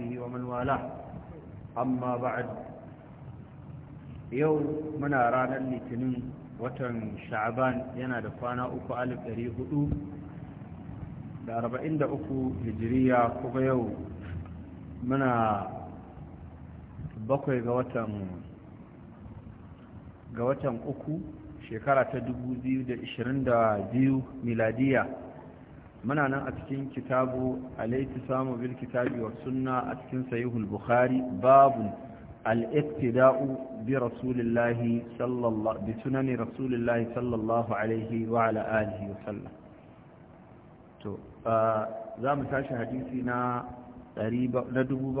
وأصحابه ومن والاه أما بعد يوم watan sha'aban yana da kwana uku alif ɗari hudu da arba'in da uku hijiriya kuma yau muna bakwai ga watan uku shekara ta dubu miladiya muna nan a cikin kitabu alaiti samu bil kitabi wa sunna a cikin sahihul bukhari babu al-iqtida'u bi rasulillahi sallallahu bi sunani rasulillahi sallallahu alaihi wa ala alihi wa sallam to za mu tashi hadisi na 7279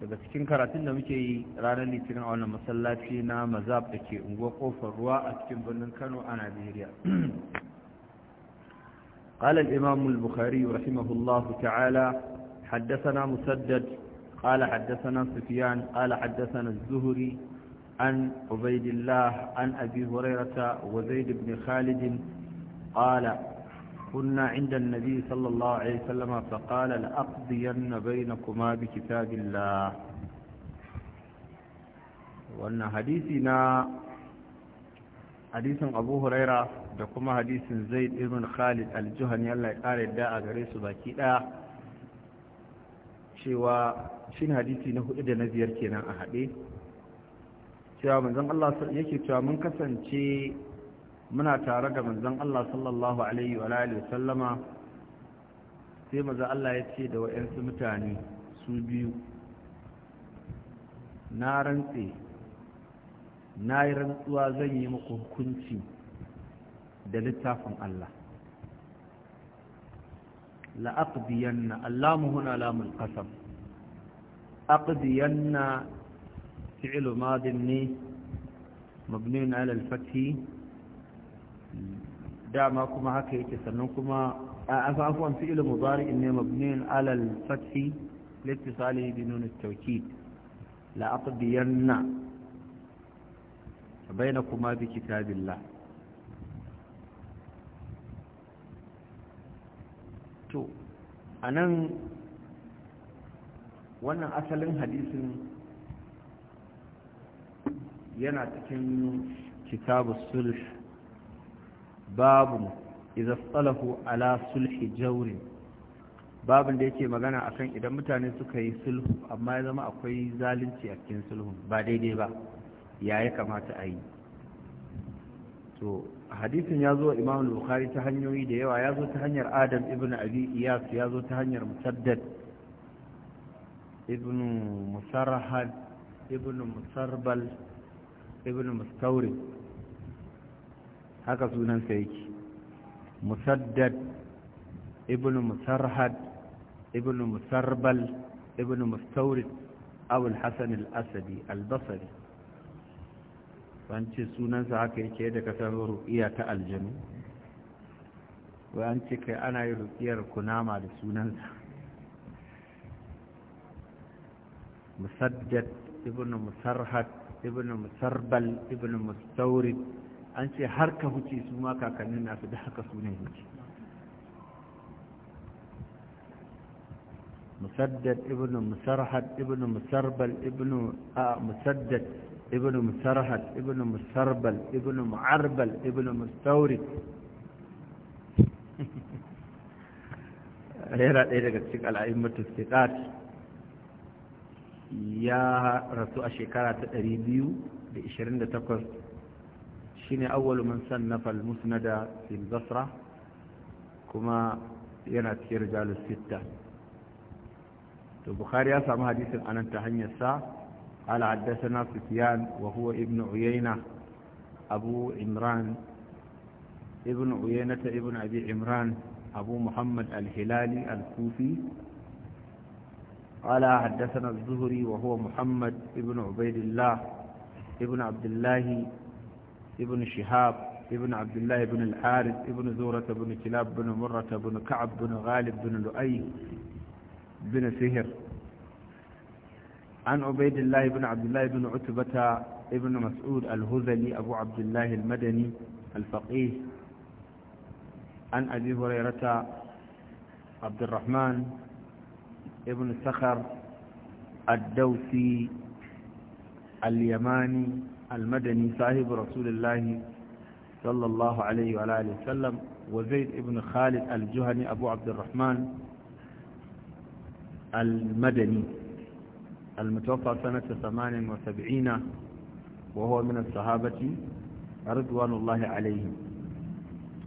daga cikin karatun da muke yi ranar litinin a wannan masallaci na mazab da ke unguwar kofar ruwa a cikin birnin kano a najeriya قال الإمام البخاري رحمه الله تعالى حدثنا مسدد قال حدثنا سفيان قال حدثنا الزهري عن عبيد الله عن أبي هريرة وزيد بن خالد قال كنا عند النبي صلى الله عليه وسلم فقال لأقضين بينكما بكتاب الله وأن حديثنا حديث أبو هريرة دقم حديث زيد بن خالد الجهني الله يقال الداء غريس باكي cewa shin hadisi na hudu da na biyar kenan a haɗe cewa manzon Allah yake cewa mun kasance muna tare da manzon Allah sallallahu alaihi wa sallama sai maza Allah ya ce da wa'yansu mutane su biyu na rantse na yi rantsuwa zan yi muku hukunci da littafin Allah la'aqdiyanna allamu huna lamul qasam aqdiyanna fi'lu madin ne mabniun ala al-fathi dama kuma haka yake sannan kuma afafwan fi'il mudari'in ne mabniun alal fathi liittisalihi bi nun at-tawkid la aqdiyanna bi kitabillah to anan wannan asalin hadisin yana cikin kitabu sulh babu idza salahu ala sulhi jawrin babin da yake magana akan idan mutane suka yi sulhu amma ya zama akwai zalunci a cikin sulhun ba daidai ba ya ya kamata a yi to hadisin ya zo imam bukhari ta hanyoyi da yawa ya zo ta hanyar adam ibn abi iyas ya zo ta hanyar musaddad ibn musarhad ibn musarbal ibn mustawrid haka sunansa yake musaddad ibn musarhad ibn musarbal ibn mustaurid abul hasan al-asadi al-basri an ce sunansa haka yake da kasar ru'iya ta aljanu wai an ce kai ana yi ruƙiyar kunama da sunansa musaddad ibn musarhad ibn musarbal ibn mustaurid an ce har ka huce su ma kakannin nasu da haka su ne huce musaddad ibn musarhad ibn musarbal ibn a musaddad ibn musarhad ibn musarbal ibn mu'arbal ibn mustawrid yana ɗaya daga cikin al'a'immatu siqat ya rasu a shekara ta 228 shine awwalu man sannafa al-musnada fi basra kuma yana cikin rijal sita to bukari ya samu hadisin anan ta hanyar sa ala haddathana sufyan wa huwa ibnu uyayna abu imran ibnu uyayna ibn abi imran abu muhammad al-hilali al-kufi قال حدثنا الزهري وهو محمد ابن عبيد ابن شهاب ابن عبد الله بن الحارث ابن زورة بن كلاب بن مرة بن كعب بن غالب بن لؤي بن سهر عن عبيد الله بن عبد الله بن عتبة ابن مسعود الهذلي أبو عبد الله المدني الفقيه عن أبي هريرة عبد الرحمن ابن سخر الدوسي اليماني المدني صاحب رسول الله صلى الله عليه وآله وسلم وزيد بن خالد الجهني أبو عبد الرحمن المدني المتوفى سنة 78 وهو من الصحابة رضوان الله عليهم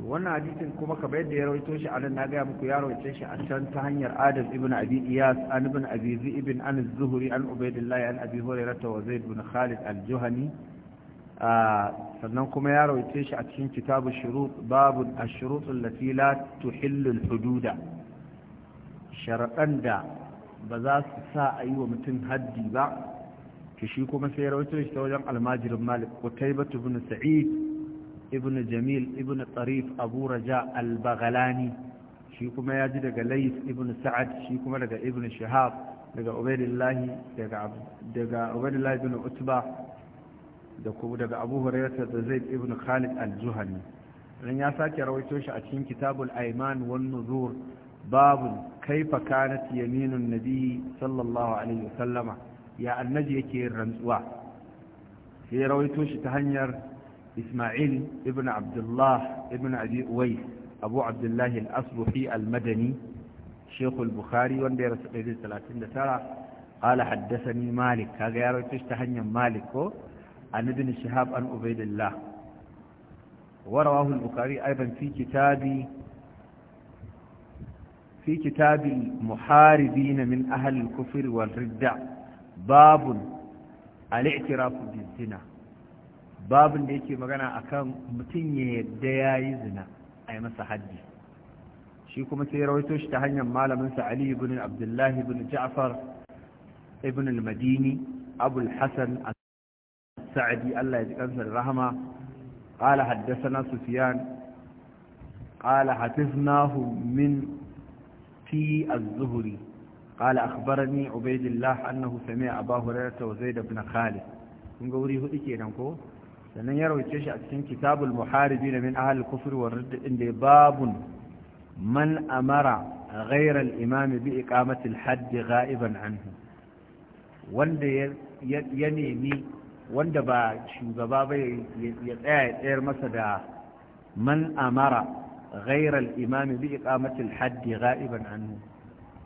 wannan hadisin kuma kamar da ya rawaito shi anan na gaya muku ya rawaito shi a can ta hanyar Adam ibn Abi Iyas an ibn Abi Zi an Zuhri an Ubaydillah an Abi Hurairah wa Zaid ibn Khalid al-Juhani sannan kuma ya rawaita shi a cikin kitabu shurut babu ashurut allati la tuhillu hududa sharadan da ba za su sa a yi wa mutum haddi ba to shi kuma sai rawaito shi ta wajen almajirin malik qutaybah ibn sa'id ibn jamil ibn tarif abu raja al-baghlani shi kuma ya ji daga lais ibn sa'ad shi kuma daga ibn shihab daga ubaidillahi daga daga ubaidillahi ibn utba da kuma daga abu hurairata da zaid ibn khalid al zuhani ran ya sake rawaito shi a cikin kitabul aiman wan nuzur babu kaifa kanat yaminun nabi sallallahu alaihi wasallama ya annabi yake rantsuwa sai rawaito shi ta hanyar isma'il ibn abdullah ibn abi uwai abu abdullahi al-asbuhi al-madani شيخ البخاري وندي رسول الله 39 قال حدثني مالك هذا يا hanyar تهني مالك عن ابن شهاب عن عبيد الله ورواه البخاري أيضا في كتاب في كتاب المحاربين من أهل الكفر والردع باب الاعتراف بالزنا babin da yake magana akan mutum ya yadda ya yi zina a masa haddi shi kuma sai rawaito shi ta hanyar malaminsa ali ibn abdullahi ibn ja'far ibn madini السعدي الله يجزاه الرحمة قال حدثنا سفيان قال حفظناه من في الزهري قال أخبرني عبيد الله أنه سمع أبا هريرة وزيد بن خالد kun ga wuri hudu kenan ko sannan ya rawaice shi a cikin kitabul muharibi na min ahal kufri wa rudd inda babun man amara ghayra bi iqamati al-hadd anhu wanda ya nemi wanda ba shugaba ba ya tsaya ya tsayar masa da man amara ghairar imami bi iqamatil haddi ga'iban hannu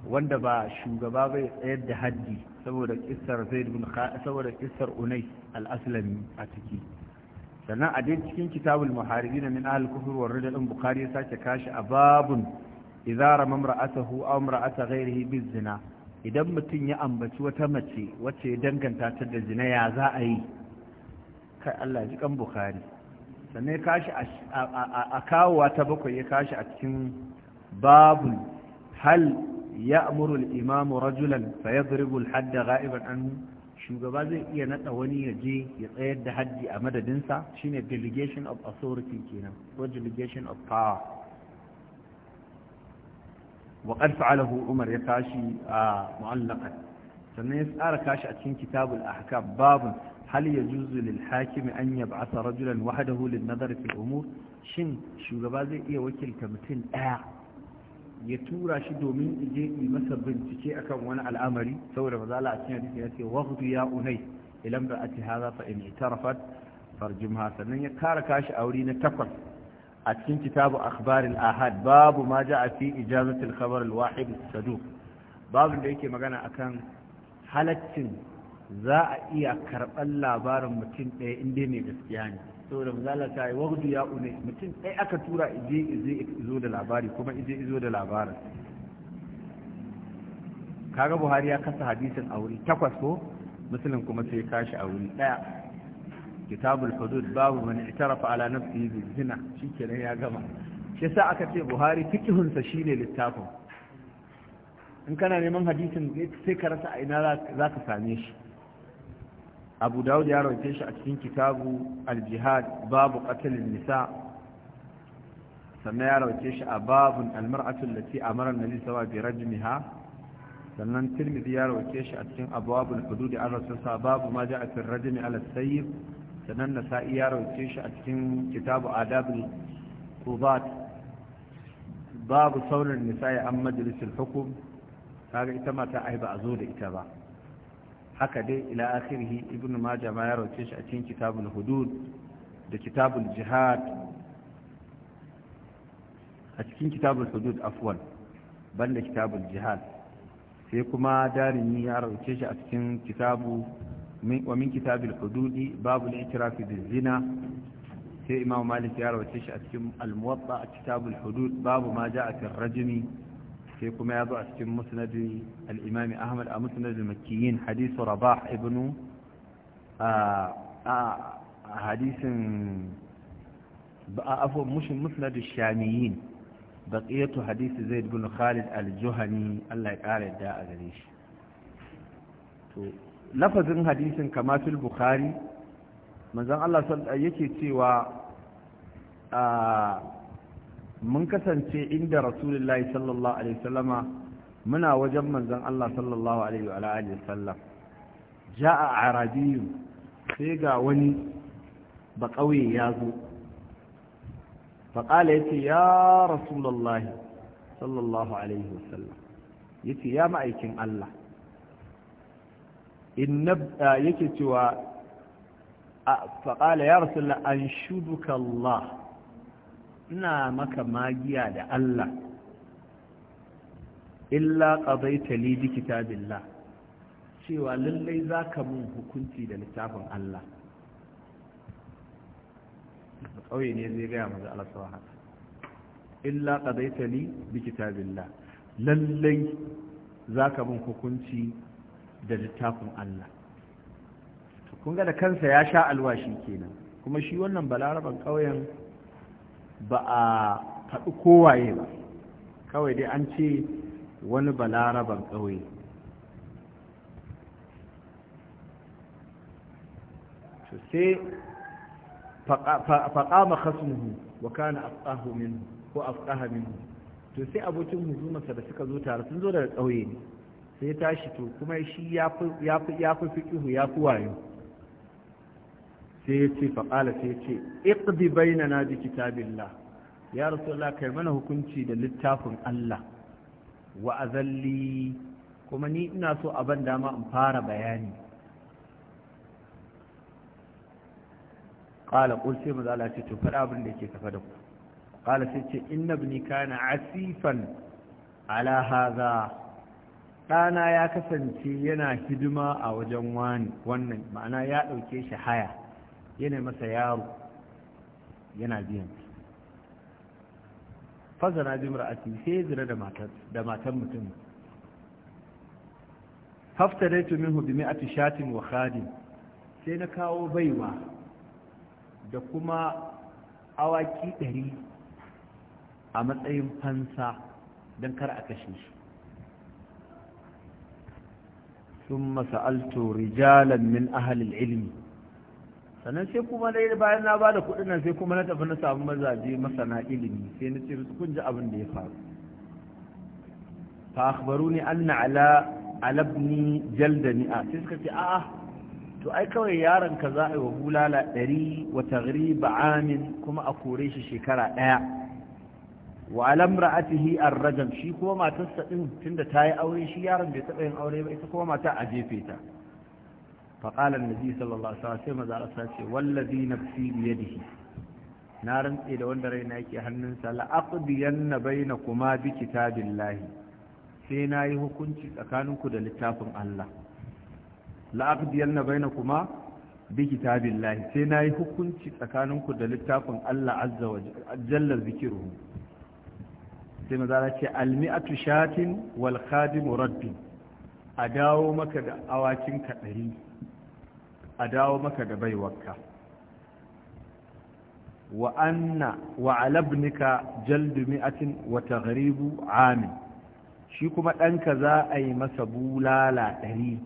wanda ba shugaba ba ya tsayar da haddi saboda kissar zaid bin saboda kissar al-aslami a ciki sannan a dai cikin kitabul muharibin min ahl kufur wa ridal bukhari ya sake kashi a babun idza ramamra'atahu aw imra'ata ghairihi zina. idan mutum ya ambaci wata mace wacce ya danganta ta da zina ya za a yi kai Allah ji kan bukari sannan ya kashi a kawowa ta bakwai ya kashi a cikin babu hal ya amuru imamu rajulan fa ya zuribul hadda ga'iban anhu shugaba zai iya nada wani ya je ya tsayar da haddi a madadinsa shine delegation of authority kenan ko delegation of power waƙar qad fa'alahu umar ya kashi a mu'allaqan sannan ya tsara kashi a cikin kitabul ahkam babun hal yajuzu lil hakimi an yab'atha rajulan wahdahu lin nadar fil umur shin shugaba zai iya wakilta mutum ɗaya ya tura shi domin ije yi masa bincike akan wani al'amari saboda ba za a cikin hadisi ya ce waghdu ya unai ilam ra'ati hadha fa in itarafat farjumha sannan ya kara kashi a wuri na takwas a cikin kitabu akhbaril ahad babu ma ja'a fi ijazatil khabar al wahid saduq babu da yake magana akan halaccin za a iya karban labarin mutum ɗaya inda mai gaskiya ne saboda misala ta yi wagdu ya une mutum ɗaya aka tura ije ije izo da labari kuma ije izo da labarin kaga buhari ya kasa hadisin a wuri takwas ko musulun kuma sai kashi a wuri ɗaya كتاب الحدود باب من اعترف على نفسه بالزنا شي كده يا جماعه شي ساعه بوهاري بخاري فكهن فشيله للتافه ان كان من حديثن سي كرت اين ذاك ثانيش ابو داود يروي في شكل كتاب الجهاد باب قتل النساء سمع يروي تيش أباب المراه التي امر النبي صلى الله عليه sannan tirmidhi ya rawace shi a cikin abubuwan hududu an rasu sa babu ma ja'a sannan nasa'i ya rauce shi a cikin kitabu adabul kubat babu saurin nisa'i an majalisar hukum kaga ita mata ai ba a zo da ita ba haka dai ila akhirhi ibnu majah ma ya rauce shi a cikin kitabul hudud da kitabul jihad a cikin kitabul hudud afwan banda kitabul jihad sai kuma darini ya rauce shi a cikin kitabu ومن كتاب الحدود باب الاعتراف بالزنا sai imam malik ya rawace shi a cikin almuwatta a kitabul hudud babu ma ja a rajimi sai kuma ya zo a cikin musnadin al-imam ahmad a musnadin makkiyin hadisu rabah ibnu a hadisin afon musnadin shamiyin baqiyatu hadisi zaid bin khalid aljuhani Allah ya kare da a shi lafazin hadisin kama fil bukhari manzon Allah yake cewa mun kasance inda rasulullahi sallallahu alaihi wasallama muna wajen manzan Allah sallallahu alaihi wa alihi wasallam ja'a arabiyyu sai ga wani ba kauye ya zo faƙala ya ce ya rasulullahi sallallahu alaihi wasallam ya ce ya ma'aikin Allah inna yake cewa qala ya rasulullah an shuduka Allah ina maka magiya da Allah illa qadaita li bi kitabillah cewa lallai zaka mun hukunci da littafin Allah kauye ne zai gaya maza Allah sawa haka illa qadaita li bi kitabillah lallai zaka mun hukunci da littafin Allah kun ga da kansa ya sha alwashi kenan kuma shi wannan balaraban ƙauyen ba a faɗi kowaye ba kawai dai an ce wani balaraban ƙauye sai faƙa khasmuhu wa kana afqahu minhu ko afqaha minhu to sai abokin huzumarsa da suka zo tare sun zo daga ƙauye ne sai tashi to kuma shi ya fi fiƙihu ya fi wayo sai ya ce faƙala sai ya ce iqdi bainana bi kitabillah ya rasulullah kai mana hukunci da littafin Allah wa azalli kuma ni ina so a ban dama in fara bayani qala qul sai manzo Allah ce to faɗa abin da yake tafa da ku qala sai ce inna ibni kana asifan ala hadha ɗana ya kasance yana hidima a wajen wani wannan ma'ana ya ɗauke shi haya yana masa yaro yana biyan fazana a ti sai zira da da matan mutum haftaraitu minhu bi a shatin wa khadin sai na kawo baiwa da kuma awaki ɗari a matsayin fansa don kar a kashe shi ثم سألت رجالا من أهل العلم sannan sai kuma na bayan na ba da kuɗin nan sai kuma na tafi na samu mazaje masana ilimi sai na ce kun ji abin da ya faru fa akhbaruni anna ala alabni jaldani a sai suka ce a'a to ai kawai yaron ka za a yi wa bulala ɗari wa tagriba amin kuma a kore shi shekara ɗaya wa ra'atihi ar-rajam shi kuma matarsa din tunda ta yi aure shi yaron bai taɓa yin aure ba ita kuma mata a jefe ta faƙalar nabi sallallahu alaihi wasallam sai maza ce wallazi nafsi biyadihi na rantse da wanda rai na yake hannun sa la aqdiyanna bainakuma bi kitabillahi sai na yi hukunci tsakaninku da littafin Allah la aqdiyanna bainakuma sai na yi hukunci tsakaninku da littafin Allah azza wa jalla zikiruhu sai maza ce almi'atu shatin wal khadimu a dawo maka da awakin kaɗari a dawo maka da baiwarka wa anna wa alabnika jaldu mi'atin wa taghribu amin shi kuma ɗanka za a yi masa bulala ɗari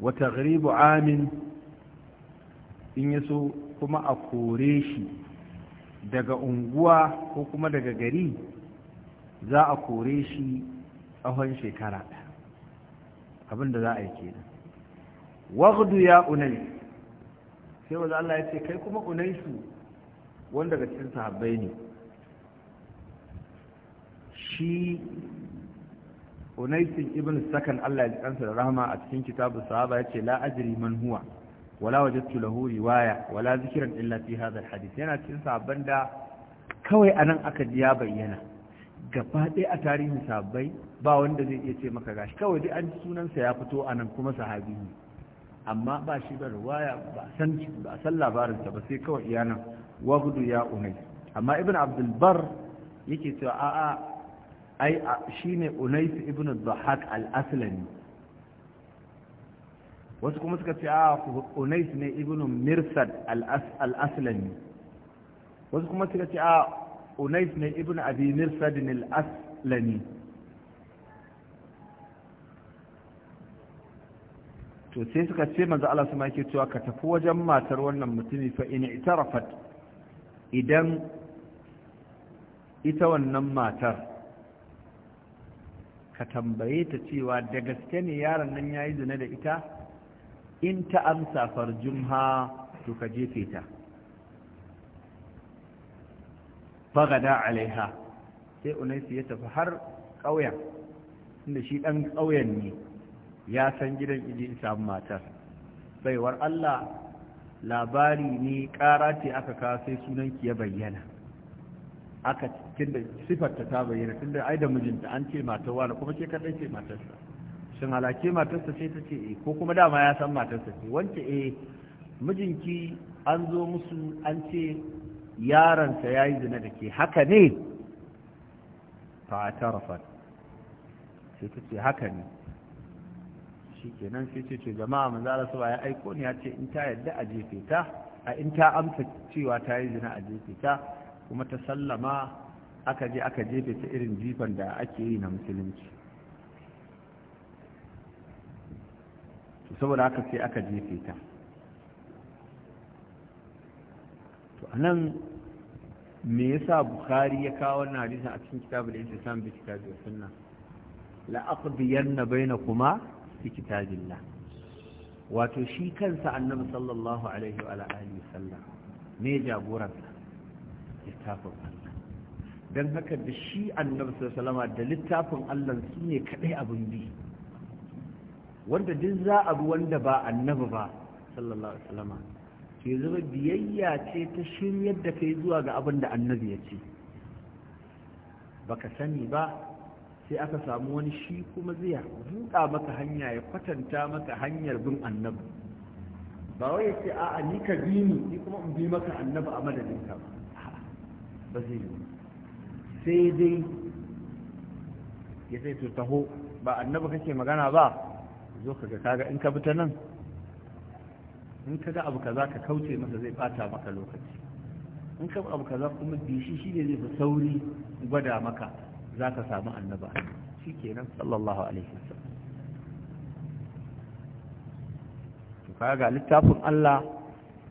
wa taghribu amin in yaso kuma a kore shi daga unguwa ko kuma daga gari za a kore shi tsawon shekara abin da za a yi kenan waghdu ya unai sai wanda Allah ya ce kai kuma unai unaisu wanda ga cikin sahabbai ne shi unaisin ibn sakan Allah ya ji kansa da rahama a cikin kitabu sahaba ya ce la'ajiri manhuwa. man huwa wala wajadtu lahu riwaya wala zikran illa fi hadha alhadith yana cikin sabban da kawai anan aka ji ya bayyana gaba ɗaya a tarihin sabbai ba wanda zai iya ce maka gashi kawai dai an ji sunansa ya fito anan kuma sahabi ne amma ba shi da riwaya ba san ba san labarinsa ba sai kawai iya nan wagdu ya unai amma ibn abdul bar yake cewa a'a ai shine unais ibn dhahak al aslani wasu kuma suka ce a ah, unais ne ibn mirsad al-aslami wasu kuma suka ce a ah, unais ne ibn abi mirsad al-aslami to sai suka ce manzo Allah su yake cewa ka tafi wajen matar wannan mutumi fa in itarafat idan ita wannan matar ka tambaye ta cewa da gaske ne yaron nan yayi zina da ita in ta amsa farjumha to ka jefe ta fagada alaiha sai unaisu ya tafi har ƙauyen inda shi ɗan ƙauyen ne ya san gidan iji samu matar baiwar Allah labari ne ƙara ce aka kawo sai sunanki ya bayyana aka cikin da ta bayyana tun da ai da mijinta an ce matawa kuma ce kaɗai ce matarsa shin halake matarsa ce ta ce eh, ko kuma dama ya san matarsa ce wance eh mijinki an zo musu an ce yaransa ya yi zina da ke haka ne fa'atarafat sai ta ce haka ne shi kenan sai ce ce jama'a manzara su ya aiko ne ya ce in ta yadda a jefe ta a in ta amsa cewa ta yi zina a jefe ta kuma ta sallama aka je aka jefe ta irin jifan da ake yi na musulunci saboda haka sai aka jefe ta to a nan me yasa bukhari ya kawo wannan hadisin a cikin kitabul intisam bi kitabi sunna la aqdiyanna bainakuma fi kitabillah wato shi kansa annabi sallallahu alaihi wa alihi sallam ne jagoransa littafin Allah dan haka da shi annabi sallallahu alaihi da littafin Allah su ne kadai abin biyu. wanda duk za a bi wanda ba annabi ba sallallahu alaihi wasallam ke zama biyayya ce ta shiryar da kai zuwa ga abin da annabi ya ce baka sani ba sai aka samu wani shi kuma zai buɗa maka hanya ya kwatanta maka hanyar bin annabi ba wai ce a'a ni ka bi ni ni kuma in bi maka annabi a madadin ka ba ba zai yi sai dai ya sai to taho ba annabi kake magana ba zo ka ga kaga in ka bi ta nan in ka ga abu kaza ka kauce masa zai bata maka lokaci in ka abu kaza kuma bishi shi ne zai fi sauri gwada maka za ka samu annaba shi kenan sallallahu alaihi wasallam kaga littafin Allah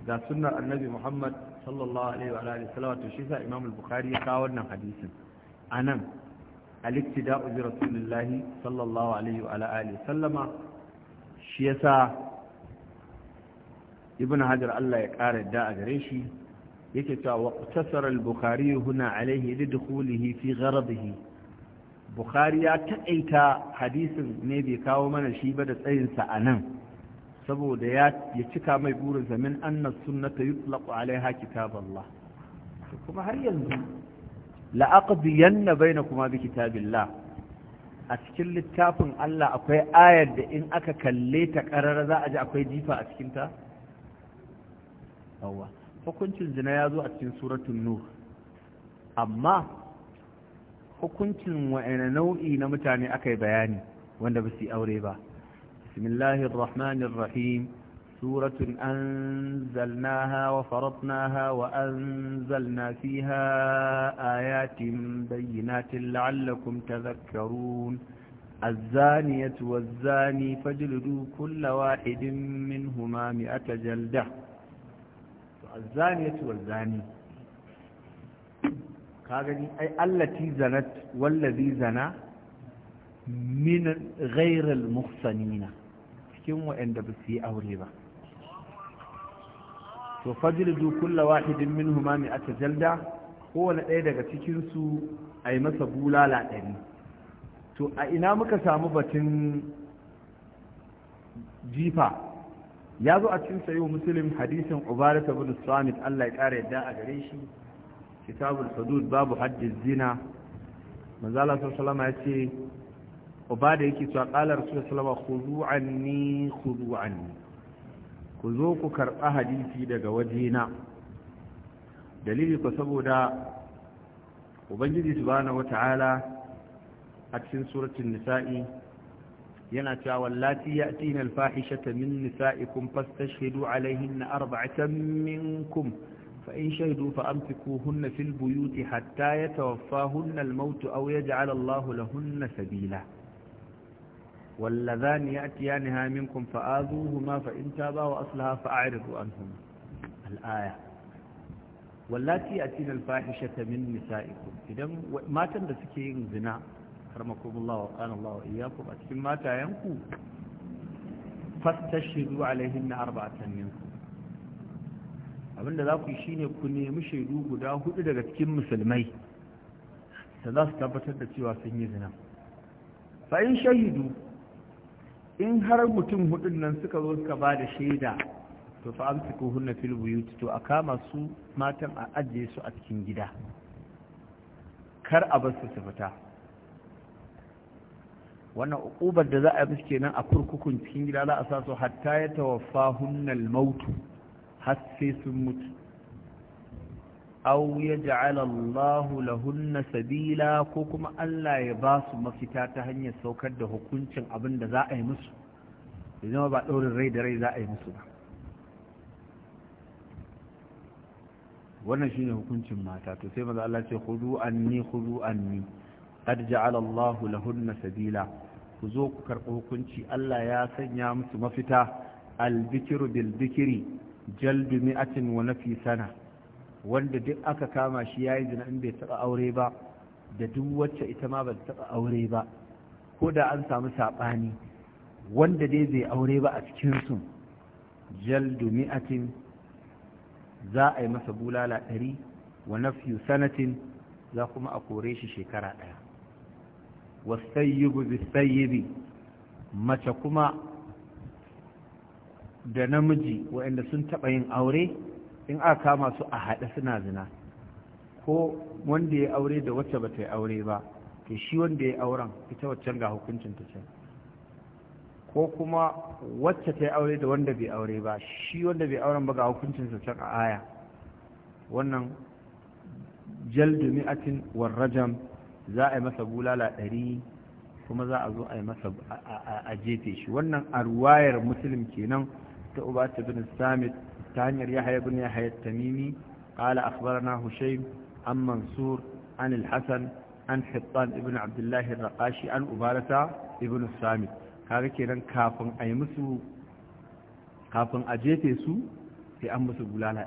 ga sunnar annabi Muhammad sallallahu alaihi wa alihi wasallam to shi sa Imam al-Bukhari ya kawo wannan hadisin anan al-iktida'u bi rasulillahi sallallahu alaihi wa alihi sallama shi yasa ibn hajar Allah ya ƙara da a gare shi yake cewa waqtasara al-bukhari huna alaihi lidkhulihi fi gharadihi bukhari ya taaita hadisin ne bai kawo mana shi ba da tsayinsa a nan saboda ya cika mai burinsa min anna sunnata yutlaqu alaiha kitaballah kuma har yanzu la'aqdiyanna bainakuma bi kitabillah a cikin littafin Allah akwai ayar da in aka kalle ta ƙarara za a ji akwai jifa a cikinta? Yawwa, hukuncin zina ya zo a cikin suratun Nuh, amma hukuncin wa'ina nau'i na mutane aka yi bayani wanda ba su yi aure ba. Bismillahirrahmanirrahim. سورة أنزلناها وفرضناها وأنزلنا فيها آيات بينات لعلكم تذكرون الزانية والزاني فاجلدوا كل واحد منهما مئة جلدة الزانية والزاني كاغني أي التي زنت والذي زنى من غير المحصنين كم وإن دبسي أولي بقى to fajlidu kulla wahidin minhuma mi'ata jalda kowane ɗaya daga cikin su a masa bulala ɗari to a ina muka samu batun jifa ya zo a cikin sayo muslim hadisin ubarata bin samit Allah ya ƙara yadda a gare shi kitabul hudud babu haddin zina manzala Allah ya ce ubada yake cewa qala rasul sallallahu alaihi wasallam khudu anni khudu anni ku zo ku karɓa hadisi daga wajena dalili ku saboda ubangiji subhanahu wata'ala a cikin suratun nisa'i yana cewa ya ya'tina al-fahishata min nisa'ikum fastashhidu alayhinna arba'atan minkum fa in shahidu fa hunna fil buyuti hatta yatawaffahunna al-maut aw yaj'al Allahu lahunna sabila واللذان يأتيانها منكم فآذوهما فإن تابا وأصلها فأعرضوا عنهما الآية واللاتي يأتين الفاحشة من نسائكم إذا ما تندسكين زنا كرمكم الله وقال الله وإياكم أتكم ما تاينكم فاستشهدوا عليهن أربعة منكم abinda za ku yi shine ku nemi shaidu guda hudu daga cikin musulmai da za su tabbatar da cewa sun yi zina fa'in shahidu in har mutum hudun nan suka zo suka ba da shaida to fa amsiku hunna fil buyut to a kama su matan a ajiye su a cikin gida kar a bar su su fita wannan ukubar da za a yi kenan a kurkukun cikin gida za a sa su hatta ya tawaffa hunnal mautu har sai sun mutu aw yaj'ala Allahu lahunna sabila ko kuma Allah ya ba su mafita ta hanyar saukar da hukuncin abin da za a yi musu idan ba daurin rai da rai za a yi musu ba wannan shine hukuncin mata to sai maza Allah ce khudu anni khudu anni qad ja'ala Allahu lahunna sabila ku zo ku karɓi hukunci Allah ya sanya musu mafita al-bikru bil bikri jaldu mi'atin wa nafi sana wanda duk aka kama shi ya yi zina in bai taɓa aure ba da duk wacce ita ma ba ta taɓa aure ba ko da an samu saɓani wanda dai zai aure ba a cikinsu jaldu mi'atin za a yi masa bulala ɗari wa nafyu sanatin za kuma a kore shi shekara ɗaya wasayyibu bisayyibi mace kuma da namiji waɗanda sun taɓa yin aure in aka kama su a haɗe suna zina ko wanda ya aure da wacce ba ta yi aure ba to shi wanda ya auren ita waccan ga hukuncin ta ce ko kuma wacce ta yi aure da wanda bai aure ba shi wanda bai auren ba ga hukuncin sa can a aya wannan jaldu mi'atin warrajam za a yi masa bulala ɗari kuma za a zo a yi masa a jefe shi wannan a ruwayar musulun kenan ta ubata bin samit تانير يحيى بن يحيى التميمي قال أخبرنا هشيم عن منصور عن الحسن عن حطان ابن عبد الله الرقاشي عن أبارة ابن السامي kaga kenan kafin a yi musu kafin a jefe su sai an musu bulala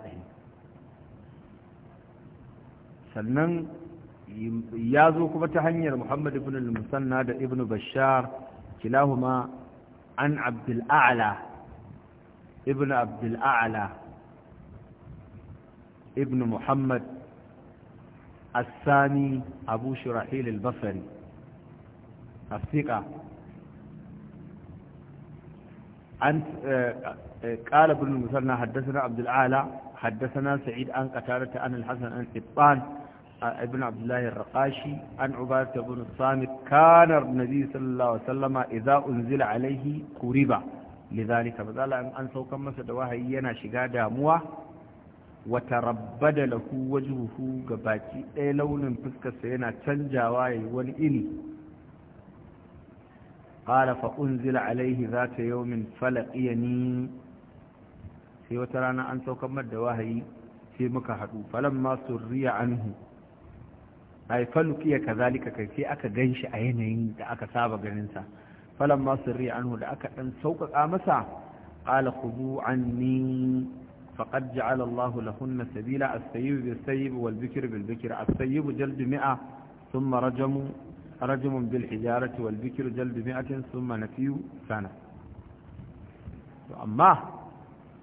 sannan ya zo kuma ta hanyar muhammad ibn al-musanna da ibn bashar kilahuma an abdul a'la ابن عبد الأعلى ابن محمد الثاني أبو شرحيل البصري الثقة عن قال ابن المثنى حدثنا عبد الأعلى حدثنا سعيد عن قتالة عن الحسن عن قطان ابن عبد الله الرقاشي عن عبادة بن الصامت كان النبي صلى الله عليه وسلم إذا أنزل عليه كربا lidhalika bazala in an saukan masa da wahayi yana shiga damuwa wa tarabbada lahu wajhuhu ga baki ɗaya launin fuskarsa yana canjawa yayi wani iri qala fa unzila alayhi zata yawmin falaqiyani sai wata rana an saukan masa wahayi sai muka haɗu falamma surriya anhu ay faluqiya kazalika kai sai aka ganshi a yanayin da aka saba ganinsa. falan ma sirri anhu da aka dan sauƙaƙa masa ƙala ku qala khudu anni faqad ja'ala Allah lahunna sabila as-sayyib bis-sayyib wal-bikr bil-bikr as-sayyib jaldu mi'a thumma rajamu رجم بالحجارة والبكر جلد مئة ثم نفي سنة أما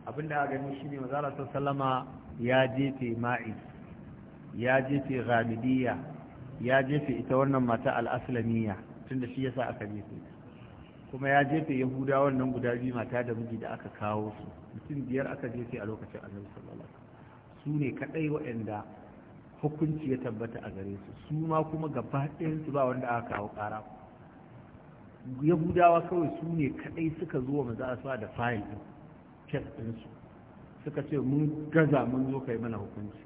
abin da gani shi ne mazala ta salama ya jefe ma'i ya jefe ghamidiyya ya jefe ita wannan mata al'aslamiya tun da shi yasa aka jefe kuma ya jefe yahuda wannan guda biyu mata da miji da aka kawo su mutum biyar aka jefe a lokacin annabi sallallahu alaihi su ne kadai waɗanda hukunci ya tabbata a gare su su ma kuma gaba ɗayan su ba wanda aka kawo ƙara yahudawa kawai su ne kadai suka zo maza asuwa da fayil din kes su suka ce mun gaza mun zo kai mana hukunci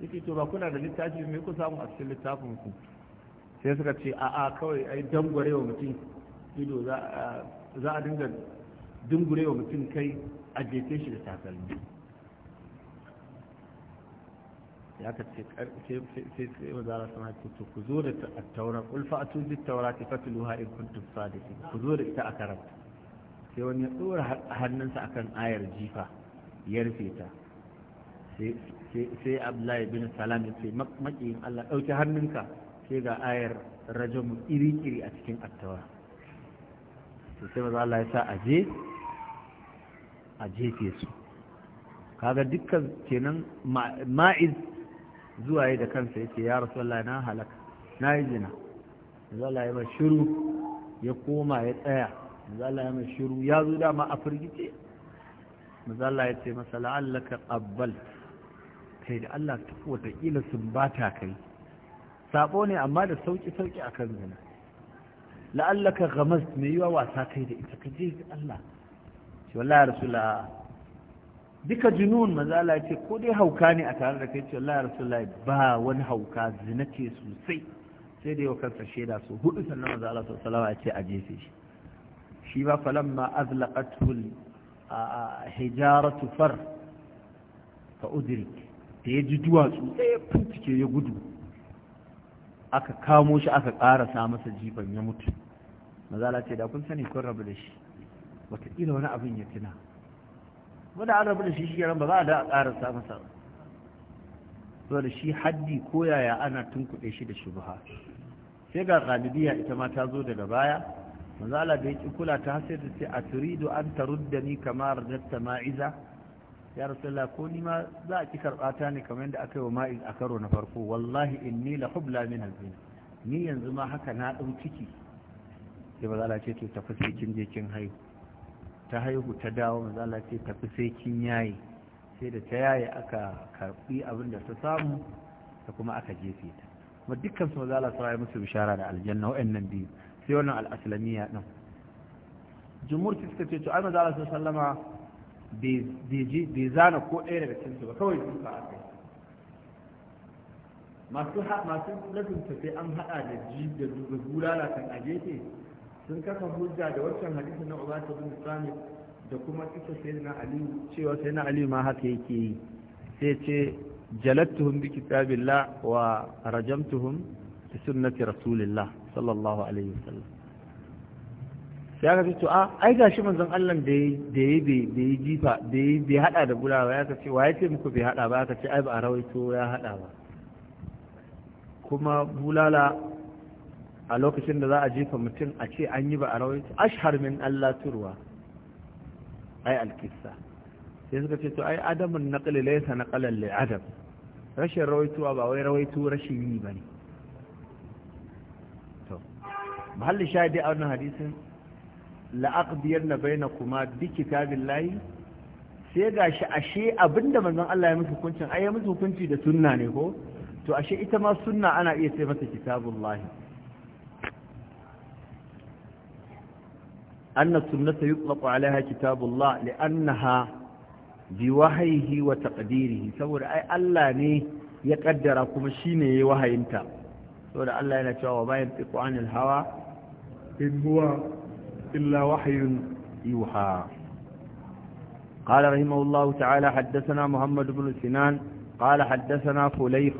yake to ba kuna da littafi me ku samu a cikin littafin ku sai suka ce a'a kawai ai dangwarewa mutum ido za a dinga dungure wa mutum kai a jefe shi da takalmi ya ka ce sai wa zara sama ce ku zo da taura ulfa a tun duk taura ta fatilu luha in da sadiki ku zo da ita a karanta sai wani ya tsora hannunsa akan ayar jifa ya rufe ta sai abdullahi bin salam ya ce makiyin allah ɗauki hannunka sai ga ayar rajamu iri-iri a cikin attawa to sai maza Allah ya sa aje a jefe su kaga dukkan kenan ma'iz zuwa da kansa yake ya rasu Allah na halaka na yi jina Allah ya shiru ya koma ya tsaya Allah ya shiru ya zo dama a firgice Allah ya ce masa la'allaka qabbal kai da Allah tafi ila sun bata kai sabo ne amma da sauƙi sauƙi akan zina la'allaka gamas mai yiwa wasa kai da ita ka je Allah ce wallahi rasulullah duka junun mazala ce ko dai hauka ne a tare da kai ce wallahi rasulullah ba wani hauka zina ce sosai sai da yau kansa shaida su hudu sannan mazala sallallahu alaihi wasallam ya ce a jefe shi shi ba ma azlaqatul hijaratu far fa udrik da ya ji duwatsu sai ya funtike ya gudu aka kamo shi aka ƙarasa masa jifan ya mutu mazala ce da kun sani kun rabu da shi wataƙila wani abin ya tuna wadda an rabu da shi shi ba za a da a ƙarasa masa so da shi haddi ko yaya ana tunkuɗe shi da shubha sai ga ƙalibiya ita ma ta zo daga baya mazala da ya ƙi kula ta hasir da ce a turidu an tarudda ni kamar da ma'iza ya rasulullah ko ni ma za a ki karɓata ni ne kamar yadda aka yi wa ma'in a karo na farko wallahi inni la hubla min hazina ni yanzu ma haka na ɗau ciki sai maza ce to tafi sai kin je kin haihu ta haihu ta dawo maza ce tafi sai kin yayi sai da ta yaye aka karɓi abin da ta samu da kuma aka jefe ta kuma dukkan su maza su rayu musu bishara da aljanna wa'annan biyu sai wannan al'aslamiyya ɗin jumhur suka ce to ai maza Allah sallama bai zana ko ɗaya daga cikinsu ba kawai duka a kai masu lasin sai an haɗa da ji da bulala kan a sun kafa hujja da wancan hadisi na ubata bin sami da kuma kisa sai na ali cewa sai na ali ma haka yake yi sai ce jalattuhum bi kitabillah wa rajamtuhum bi sunnati rasulillah sallallahu alaihi wasallam sai aka ce to a ai shi manzon Allah da da ya bai jifa da ya bai hada da bula ba ya ka ce waye ce muku bai hada ba ya ka ce ai ba a rawaito ya hada ba kuma bulala a lokacin da za a jefa mutum a ce an yi ba a rawaito ashhar min Allah turwa ai alkissa sai suka ce to ai adamun naqli laysa naqalan li adam rashin rawaituwa ba wai rawaito rashin yi bane to mahallin shahidi a wannan hadisin la'aqdiyar na bai kuma diki tabin layi sai ga ashe abinda manzon Allah ya musu hukunci ai ya musu hukunci da sunna ne ko to ashe ita ma sunna ana iya sai mata kitabullahi anna sunnata yutlaqu alaiha kitabullah li'annaha bi wahyihi wa taqdirihi saboda ai Allah ne ya kaddara kuma shi shine yayi wahayinta saboda Allah yana cewa wa ba'in tiqu anil hawa in إلا وحي يوحى قال رحمه الله تعالى حدثنا محمد بن سنان قال حدثنا فليح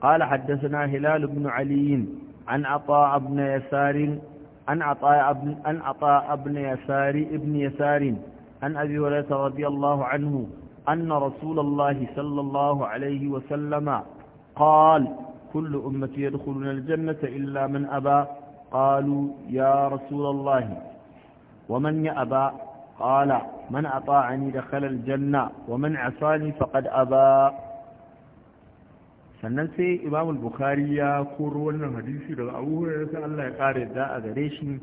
قال حدثنا هلال بن علي عن عطاء بن يسار عن عطاء بن عن عطاء بن يسار ابن يسار عن ابي هريره رضي الله عنه ان رسول الله صلى الله عليه وسلم قال كل امتي يدخلون الجنه الا من ابى قالوا يا رسول الله ومن يأبى قال من أطاعني دخل الجنة ومن عصاني فقد أبى sannan sai imam bukhari ya koro wannan hadisi daga abu hurairar sai Allah ya kare da a gare shi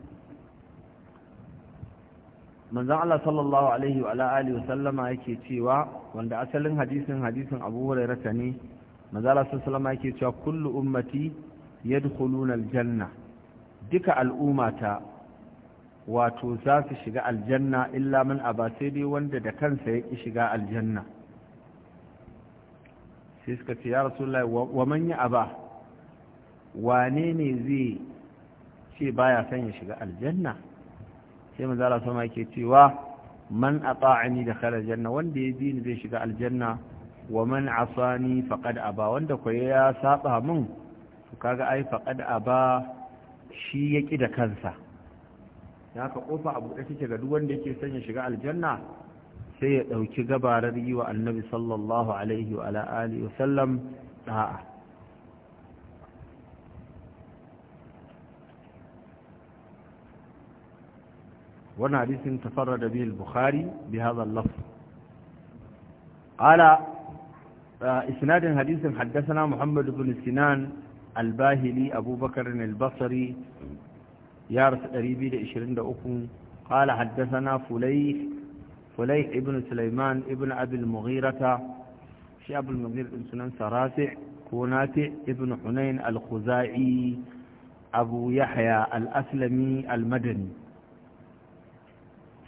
manzon Allah sallallahu alaihi wa alihi wa sallama yake cewa wanda asalin hadisin hadisin abu hurairar ta ne manzon Allah sallallahu alaihi yake cewa kullu ummati yadkhuluna janna duka al'umma ta. wato za su shiga aljanna illa man aba sai dai wanda da kansa ya ƙi shiga aljanna sai suka ce ya rasulullahi wa man ya aba wane ne zai ce baya son ya shiga aljanna sai mu zara sama yake cewa man ata'ani dakhala aljanna wanda ya bi ni zai shiga aljanna wa man asani faqad aba wanda ko ya saba min to kaga ai faqad aba shi ƙi da kansa ya ka kofa abu da take ga duk wanda yake son ya shiga aljanna sai ya dauki gabarar yi wa annabi sallallahu alaihi wa ala alihi wa sallam da'a وانا حديث تفرد به البخاري بهذا اللفظ قال إسناد حديث حدثنا محمد الباهلي أبو بكر البصري ya rasu 223 kala haddasa fulay ibn sulaiman ibn abil mughirata shi abul mughir din sunan sarasi ko nati hunain al-khuzai abu yahya al-aslami al-madani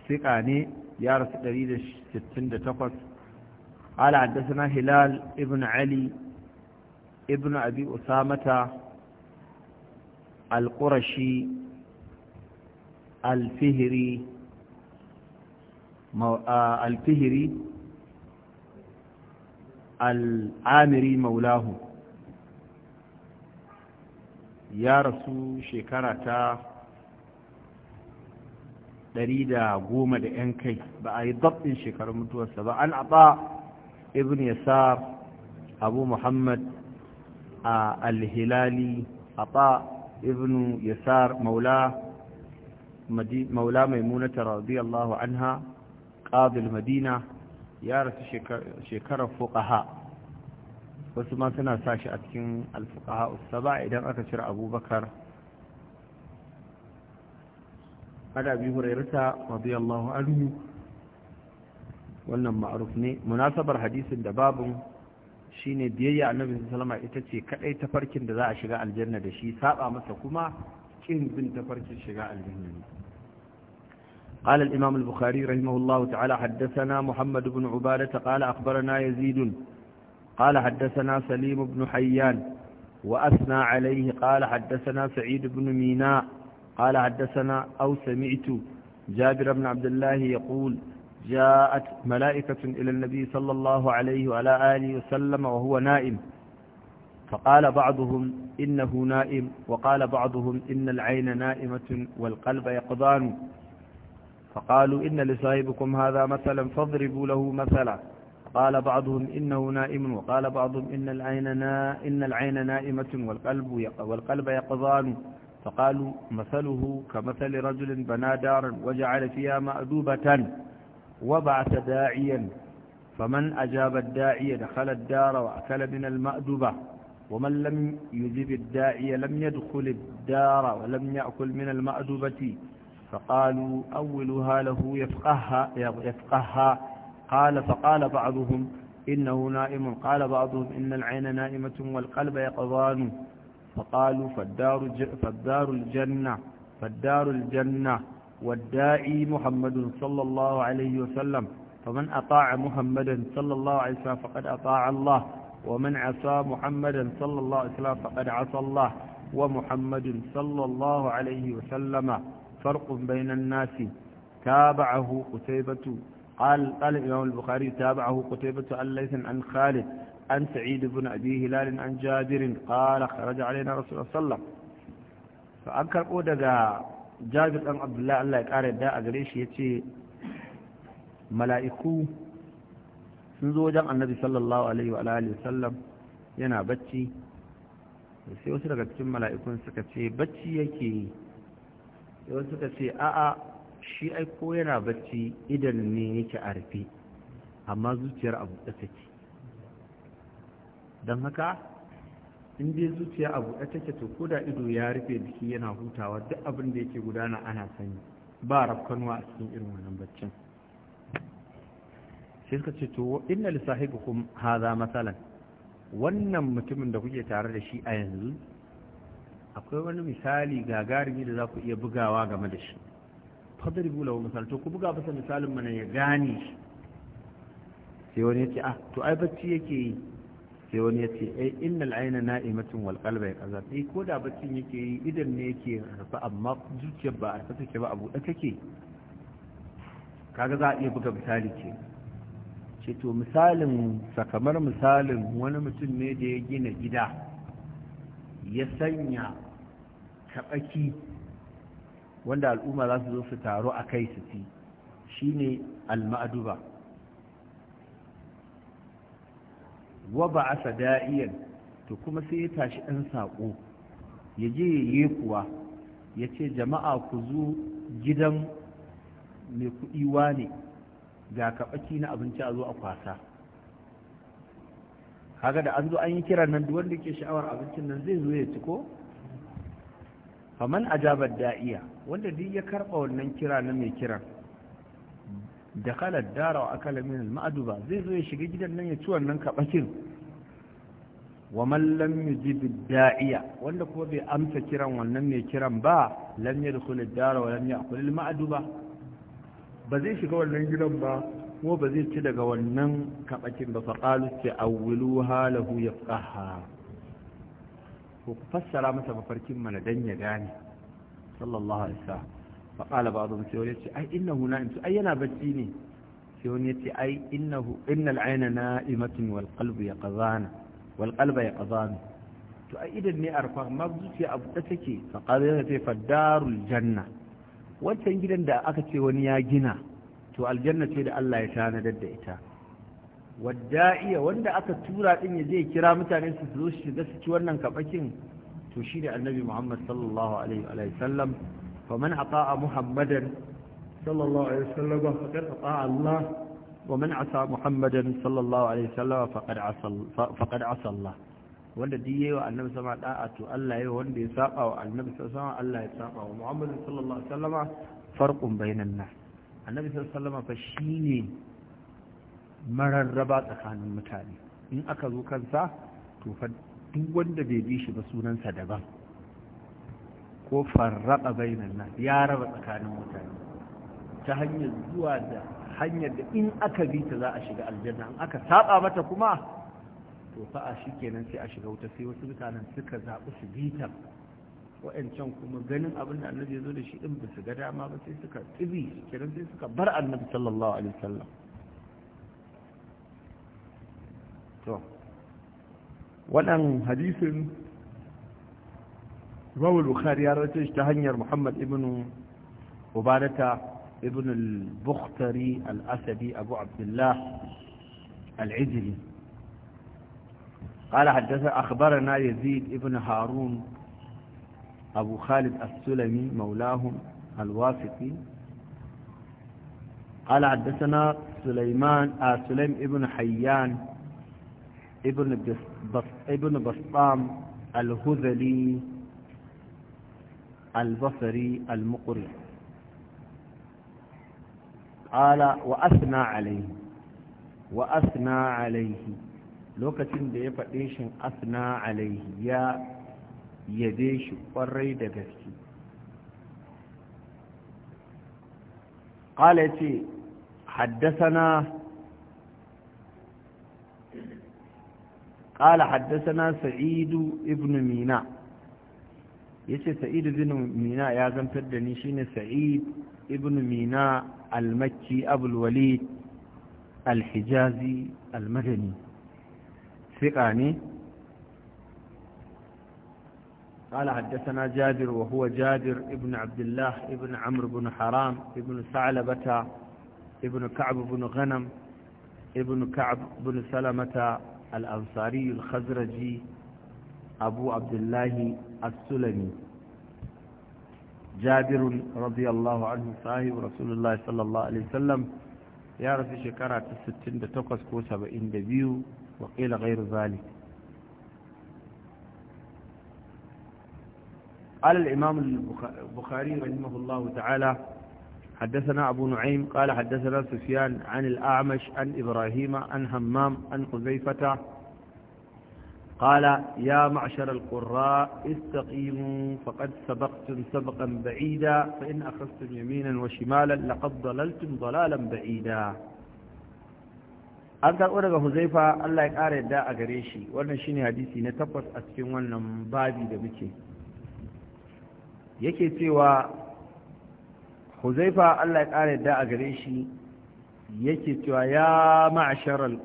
sika ne ya rasu 268 kala haddasa hilal ibn ali ibn usamata al الفهري آه، الفهري العامري مولاه يا رسول شكرتا دريدا قوم لأنكي بأي ضبط شكر متوسط بأن أعطى ابن يسار أبو محمد آه، الهلالي عطاء ابن يسار مولاه maula maimunata radiyallahu anha qadil madina ya rasu shekarar fukaha wasu ma suna sa shi a cikin alfuqaha usaba idan aka cire abubakar ada bi hurairata ne munasabar hadisin da babu shine biyayya annabi sallallahu alaihi ita ce kadai tafarkin da za a shiga aljanna da shi saɓa masa kuma kin bin tafarkin shiga aljanna قال الإمام البخاري رحمه الله تعالى حدثنا محمد بن عبادة قال أخبرنا يزيد قال حدثنا سليم بن حيان وأثنى عليه قال حدثنا سعيد بن ميناء قال حدثنا أو سمعت جابر بن عبد الله يقول جاءت ملائكة إلى النبي صلى الله عليه وعلى آله وسلم وهو نائم فقال بعضهم إنه نائم وقال بعضهم إن العين نائمة والقلب يقضان فقالوا إن لصاحبكم هذا مثلا فاضربوا له مثلا قال بعضهم إنه نائم وقال بعضهم إن العين, نا إن العين نائمة والقلب, يق والقلب يقضان فقالوا مثله كمثل رجل بنى دارا وجعل فيها مأدوبة وبعث داعيا فمن أجاب الداعي دخل الدار وأكل من المأدوبة ومن لم يجب الداعي لم يدخل الدار ولم يأكل من المأدبة فقالوا أولها له يفقهها, يفقهها قال فقال بعضهم إنه نائم قال بعضهم إن العين نائمة والقلب يقظان فقالوا فالدار, فالدار الجنة فالدار الجنة والداعي محمد صلى الله عليه وسلم فمن أطاع محمدا صلى الله عليه وسلم فقد أطاع الله ومن عصى محمدا صلى الله عليه وسلم فقد عصى الله ومحمد صلى الله عليه وسلم فرق بين الناس تابعه قتيبة قال قال الإمام البخاري تابعه قتيبة الليث عن خالد عن سعيد بن أبي هلال عن جابر قال خرج علينا رسول الله صلى الله عليه وسلم فأنكر أودغا جابر بن عبد الله الله يقارب دا أغريش يتي mala'iku sun zo wajen annabi sallallahu alaihi wa alihi sallam yana bacci sai wasu daga cikin mala'ikun suka ce bacci yake yi sai wasu suka ce a'a shi ai ko yana bacci idan ne yake a rufe amma zuciyar abu da take don haka in dai zuciya a buɗe take to ko da ido ya rufe jiki yana hutawa duk abin da yake gudana ana sani ba rafkanuwa a cikin irin wannan baccin sai suka ce to inna li sahibikum hadha masalan wannan mutumin da kuke tare da shi a yanzu akwai wani misali gagarumi da za ku iya bugawa game da shi fadribu lahu misal to ku buga masa misalin mana ya gane shi sai wani yace ah to ai bacci yake yi sai wani yace ai eh, innal ayna na'imatun wal qalba kaza sai eh, ko da bacci yake yi idan ne yake rufa amma zuciyar ba a take ba abu da take kaga za a iya buga misali ke ce to misalin kamar misalin wani mutum ne da ya gina gida ya sanya kaɓaki wanda al'umma za su zo su taro a kai su ci shi ne alma'aduba wa ba a sada'iyan to kuma sai ya tashi ɗan saƙo ya je ya yi kuwa ya ce jama'a ku zo gidan mai kuɗi ne ga kaɓaki na abinci a zo a kwasa kaga da an zo an yi kiran nan duk wanda ke sha'awar abincin nan zai zo ya ci ko man ajabar da'iya wanda duk ya karɓa wannan kira na mai kiran da kalar dara wa akala min ma'aduba zai zo ya shiga gidan nan ya ci wannan kaɓakin wa man lam yujib da'iya wanda kuma bai amsa kiran wannan mai kiran ba lam yadkhul ad-dara wa lam ya'kul al-ma'duba ba zai shiga wannan gidan ba kuma ba zai ci daga wannan kaɓakin ba faƙalu ce awwilu halahu ya faha ko ku fassara masa mafarkin mana dan ya gane sallallahu alaihi wasallam faƙala ba azum sai wani ya ce ai hu na'im ai yana bacci ne sai wani ya ce ai innahu innal ayna na'imatun wal qalbu yaqzana wal qalba yaqzana to ai idan ne a arfa amma zuciya abu ta take faƙala ya ce fa darul janna wancan gidan da aka ce wani ya gina to aljanna ce da Allah ya tanadar da ita wadda iya wanda aka tura din ya zai kira mutane su zo su shiga su ci wannan kabakin to shi da annabi Muhammad sallallahu alaihi wa sallam faman ata'a Muhammadan sallallahu alaihi wa sallam faqad ata'a Allah ومن عصى محمدا صلى الله wanda duk yayi wa annabi sama da'a to Allah yayi wanda ya saba wa annabi sama Allah ya saba wa Muhammad sallallahu alaihi wasallama farqun bainan nas annabi sallallahu alaihi wasallama fa shine mararraba tsakanin mutane in aka zo kansa to fa duk wanda bai bi shi ba sunansa daban ko farraba bainan nas ya raba tsakanin mutane ta hanyar zuwa da hanyar da in aka bi ta za a shiga aljanna in aka saba mata kuma to fa a shikenan sai a shiga wuta sai wasu mutanen suka zaɓi su bita wa'ancan kuma ganin abin da annabi ya zo da shi din ba su ga dama ba sai suka tsibi kenan sai suka bar annabi sallallahu alaihi wasallam to wannan hadisin imam bukhari ya rawaito shi ta hanyar muhammad ibn ubadata ibn al-bukhtari al-asadi abu abdullah al قال حدثنا أخبرنا يزيد ابن هارون أبو خالد السلمي مولاهم الواسطي قال حدثنا سليمان آه سليم ابن حيان ابن بس ابن بسطام الهذلي البصري المقري قال وأثنى عليه وأثنى عليه lokacin da ya faɗe shi asna alaihi ya yabe shi ƙwarai da gaske ƙala ce haddasana ƙala haddasana sa'idu ibn mina ya ce sa'idu ibn mina ya zantar da ni shine sa'id ibn mina al-makki abul walid al-hijazi al-madani ثقة قال حدثنا جابر وهو جابر ابن عبد الله ابن عمرو بن حرام ابن ثعلبة ابن كعب بن غنم ابن كعب بن سلمة الأنصاري الخزرجي أبو عبد الله السلمي جابر رضي الله عنه صاحب رسول الله صلى الله عليه وسلم يعرف شكرة الستين دتقس كوسة بإن دبيو وقيل غير ذلك قال الإمام البخاري رحمه الله تعالى حدثنا أبو نعيم قال حدثنا سفيان عن الأعمش عن إبراهيم عن همام عن قذيفة قال يا معشر القراء استقيموا فقد سبقتم سبقا بعيدا فإن أخذتم يمينا وشمالا لقد ضللتم ضلالا بعيدا an karɓo daga huzaifa allah ya ƙara yadda a gare shi wannan shine hadisi na tabbas a cikin wannan babi da muke yake cewa huzaifa allah ya ƙara yadda a gare shi yake cewa ya ma'ashar al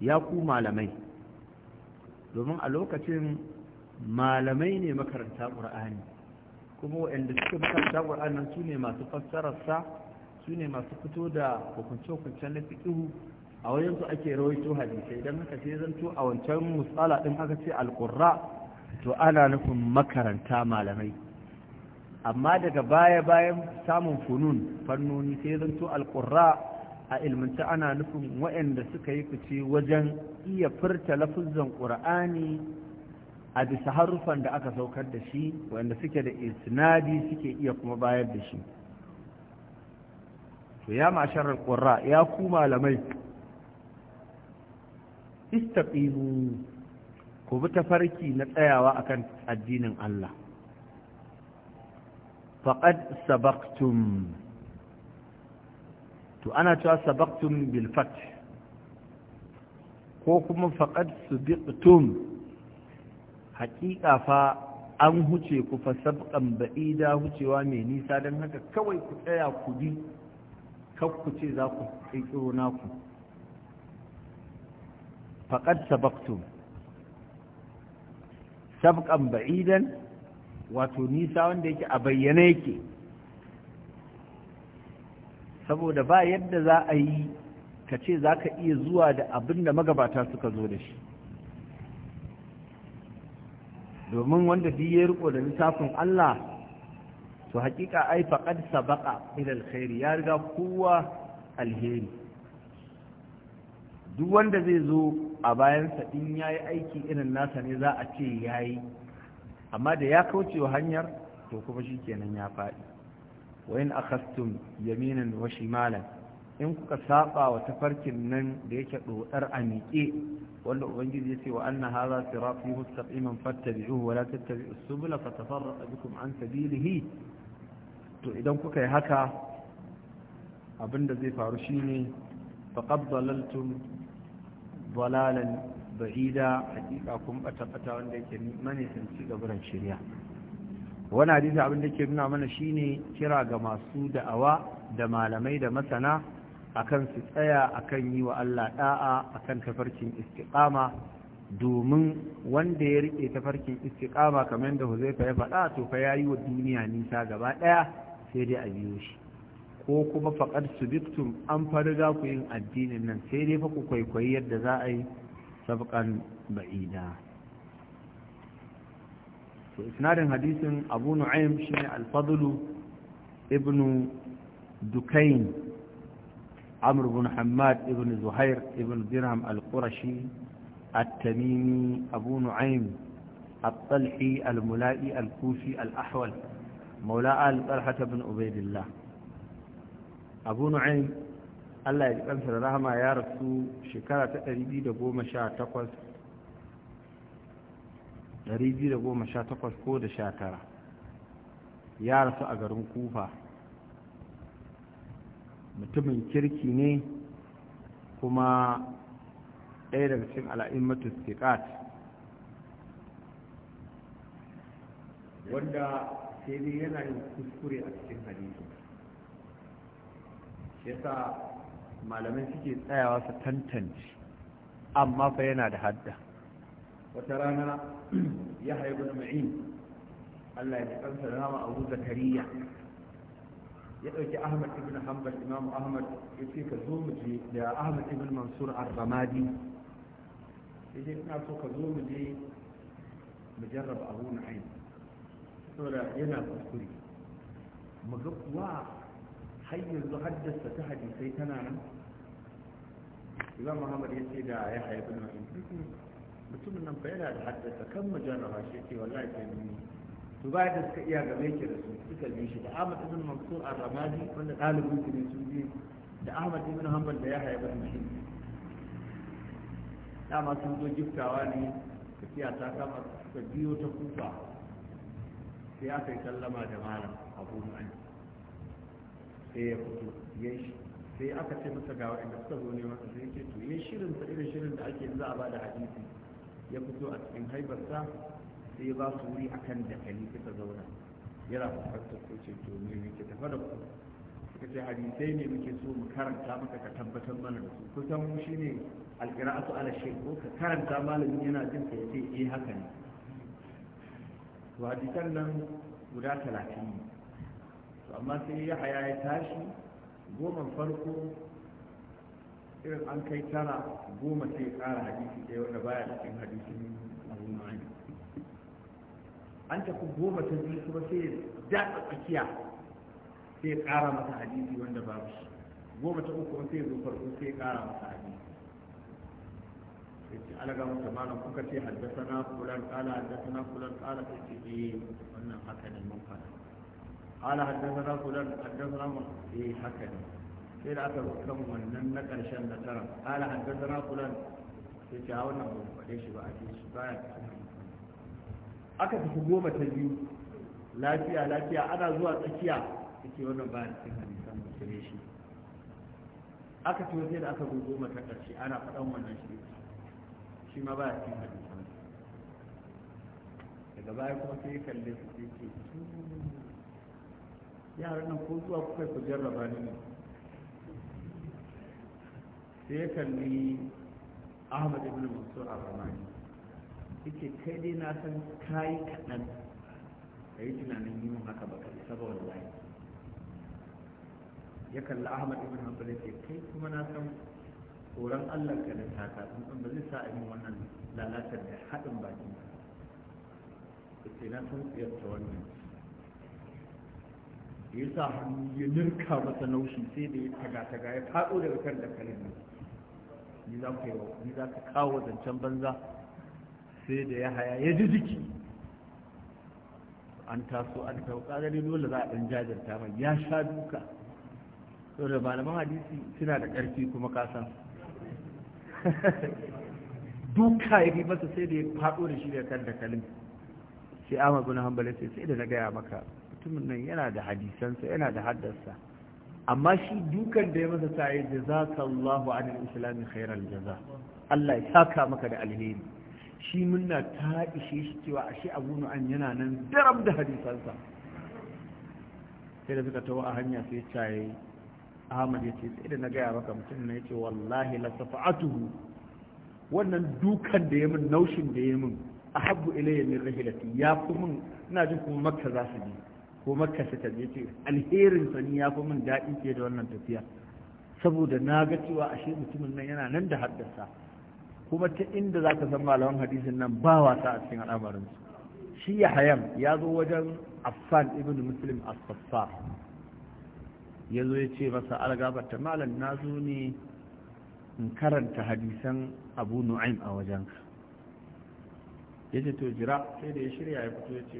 ya ku malamai domin a lokacin malamai ne makaranta ƙur'ani kuma waɗanda suka makaranta ƙur'ani su ne masu fassararsa su ne masu fito da hukunce-hukuncen na a wajen su ake rawaito hadisai idan haka sai zanto a wancan musala ɗin aka ce alƙurra to ana nufin makaranta malamai amma daga baya bayan samun funun fannoni sai zanto alƙurra a ilminta ana nufin waɗanda suka yi fice wajen iya furta lafuzzan ƙur'ani a bisa haruffan da aka saukar da shi waɗanda suke da isnadi suke iya kuma bayar da shi to ya masharar ƙura ya ku malamai istaqimu ku bi tafarki na tsayawa akan addinin Allah faqad sabaqtum to ana cewa sabaqtum bil fath ko kuma faqad sabiqtum haƙiƙa fa an huce ku fa sabqan ba'ida hucewa mai nisa don haka kawai ku tsaya ku bi kakku ce za ku ƙirƙiro naku faƙad sabaktu sabkan ba'idan wato nisa wanda yake a bayyana yake saboda ba yadda za a yi ka ce za ka iya zuwa da abin da magabata suka zo da shi domin wanda duk ya riko da littafin Allah to haƙiƙa ai faqad sabaqa ila alkhair ya riga kowa alheri duk wanda zai zo a bayansa in yayi aiki irin nasa ne za a ce yayi amma da ya kauce wa hanyar to kuma shikenan ya faɗi wa in akhastum yaminan wa shimalan in kuka saba wa tafarkin nan da yake dodar a miƙe wanda ubangiji ya ce wa anna hadha sirati mustaqiman fattabi'uhu wa la tattabi'us subula fatafarraqa bikum an sabilihi to idan kuka yi haka abinda zai faru shi shine faqad balalan dalalan ba'ida hakika kun ɓata-ɓata wanda yake ci gaburan shirya wani hadisi abin da ke nuna mana shi ne kira ga masu da'awa da malamai da masana akan su tsaya akan yi wa Allah ɗa'a akan tafarkin istiƙama domin wanda ya rike tafarkin istiƙama kamar da Huzaifa ya faɗa to fa yi wa duniya nisa gaba ɗaya sai dai a biyo shi ko kuma faƙar subiktum an za ku yin addinin nan sai dai fa ku kwaikwayi yadda za a yi sabqan ba'ida to isnadin hadisin Abu Nu'aym shine al-Fadl ibn dukain Amr ibn hamad ibn Zuhair ibn Dirham al-Qurashi at-Tamimi Abu Nu'aym الطلحي الملائي الكوفي الأحول maula al talha bin ubaidillah abu nu'aym Allah ya ji kansa da rahama ya rasu shekara ta 218 218 ko da 19 ya rasu a garin kufa mutumin kirki ne kuma ɗaya daga cikin al'a'immatu sikat wanda sai dai yana yin kuskure a cikin hadisi yasa malamai suke tsayawa su tantance amma fa yana da hadda wata rana ya haibu na ma'in allah ya kansa da nama abu zakariya ya ɗauki ahmad ibn hanbal imam ahmad ya ce ka zo mu je da ahmad ibn mansur ar-ramadi ya ce ina so ka zo mu je mu jarraba abu na'im saboda yana kuskure mu ga kuwa har yanzu haddasa ta hadisai tana nan imam muhammad ya ce da ya haifi na mutumin nan ba yana da haddasa kan majalaba shi ce wallahi sai ni to ba da suka iya game ki da su suka bi shi da ahmad ibn mansur ar-ramadi wanda dalibin su ne sun bi da ahmad ibn hanbal da ya haifi na dama sun zo giftawa ne tafiya ta kama suka biyo ta kufa sai aka yi sallama da malam a abu mu'ani sai ya fito ya sai aka ce masa ga waɗanda suka zo neman sa sai ce to ya shirin sa irin shirin da ake za a ba da hadisi ya fito a cikin haibarsa sai ya ba su wuri a kan da kani suka zauna yana fuskantar ko ce to me ke tafa da ku suka ce hadisai ne muke so mu karanta maka ka tabbatar mana da su kusan mu shine alqira'atu ala shay ko ka karanta malamin yana jin ka ce eh haka ne to hadisan nan guda talatin ne to amma sai ya haya ya tashi goma farko irin an kai tara goma sai ya kara hadisi ɗaya wanda baya cikin hadisin abu ma'ani an tafi goma ta biyu kuma sai ya datsa tsakiya sai ya kara masa hadisi wanda babu shi goma ta uku sai ya zo farko sai ya kara masa hadisi yace alaga mutum malam kuka ce haddasana fulan qala haddasana fulan qala ce, eh wannan haka ne mun fada qala haddasana fulan haddasana mun eh haka ne sai da aka rubuta wannan na karshen na tara qala haddasana fulan yace a wannan ba fade shi ba a ce shi baya aka tafi goma ta biyu lafiya lafiya ana zuwa tsakiya yace wannan ba cikin hadisan mutum shi aka ciwo sai da aka zo goma ta ƙarshe ana faɗan wannan shi shi ma baya cikin hadisan daga baya kuma sai ya kalle su sai ke yara nan ko zuwa kuka ku jarraba ni ne sai ya kalli ahmad ibn mansur ar-ramani yake kai dai na san kayi kaɗan ka yi tunanin yi haka ba ka saboda wallahi ya kalli ahmad ibn hanbal yake kai kuma na san tsoron allah ka da taka tsuntsun ba zai sa a yin wannan lalatar da haɗin bakin ka sai na san ta wannan ya sa hannu ya nirka masa naushi sai da ya taga-taga ya faɗo daga kan da kalin nan ni za ka ni za ka kawo zancen banza sai da ya haya ya ji jiki an taso an taso gani dole za a ɗan jajirta mai ya sha duka saboda malaman hadisi suna da ƙarfi kuma kasan duka ya masa sai da ya faɗo da shi da kan dakalin sai amma guna hambali sai sai da na gaya maka mutumin nan yana da hadisansa yana da haddasa. amma shi dukan da ya masa ta yi jazakallahu anil islami khairal jaza Allah ya saka maka da alheri shi munna ta ishe shi cewa ashe Abu Nu'an yana nan daram da hadisansa sai da suka tawo a hanya sai ta yi ahmad ya ce sai da na gaya maka mutum na ya ce wallahi la safa'atuhu wannan dukan da ya min naushin da ya min ahabbu ilayya min rahilati ya fi min ina jin kuma makka za su je ko makka su ta je alherin sani ya fi min daɗi ke da wannan tafiya saboda na ga cewa ashe mutumin nan yana nan da haddasa kuma ta inda za ka san malaman hadisin nan ba wasa a cikin al'amarin shi ya hayam ya zo wajen affan ibn muslim as-saffar ya zo ya ce masa algabarta malam na zo ne in karanta hadisan abu nu'aim a wajenka ya ce to jira sai da ya shirya ya fito ya ce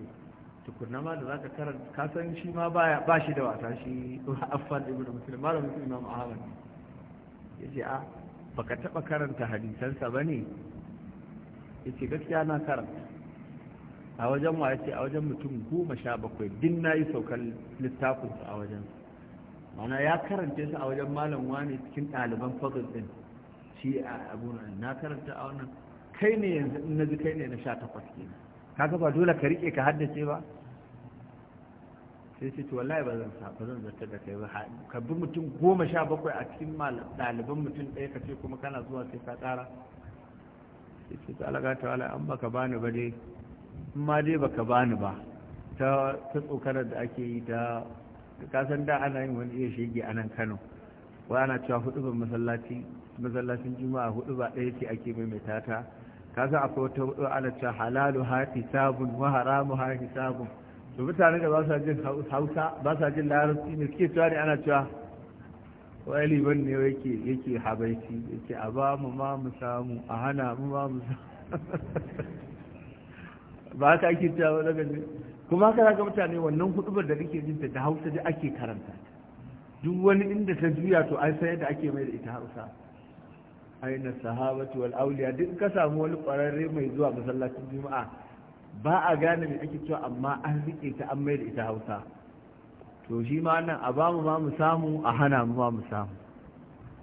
tukurna ma da za ka karanta kasan shi ma ba shi da wasa shi affan da muslim malam mutum imam ahmad ya ce a baka taba karanta hadisansa ba ne ya ce gaskiya na karanta a wajen wa ya ce a wajen mutum goma sha bakwai din na yi saukar littafinsa a wajensa mana ya karanta su a wajen malam wani cikin ɗaliban fagil ɗin shi a abu na karanta a wannan kai ne yanzu in ji kai ne na sha takwas ke kaga ba dole ka riƙe ka haddace ba sai ce to wallahi ba zan sa ba zan zartar da kai ba ka bi mutum goma sha bakwai a cikin ɗaliban mutum ɗaya ka ce kuma kana zuwa sai ka ƙara sai ce ta alaga ta wala an baka bani ba dai in ma dai baka bani ba ta tsokanar da ake yi ta ka san da ana yin wani iya shege a nan kano wa ana cewa hudu ban masallacin juma'a hudu ba ɗaya ce ake maimaita ta ka san akwai wata hudu ana cewa halalu ha sabun wa haramu ha sabun to mutane da ba sa jin hausa ba sa jin larabci ne suke cewa ne ana cewa wai liban ne yake yake habaiti yake a ba mu ma mu samu a hana mu ma mu samu ba ka ake cewa wani ne kuma haka ga mutane wannan hudubar da nake jin da hausa da ake karanta duk wani inda ta juya to an san da ake mai da ita hausa aina sahabatu wal auliya duk ka samu wani kwararre mai zuwa masallacin juma'a ba a gane me ake cewa amma an rike ta an mai da ita hausa to shi ma nan a bamu ma mu samu a hana mu ma mu samu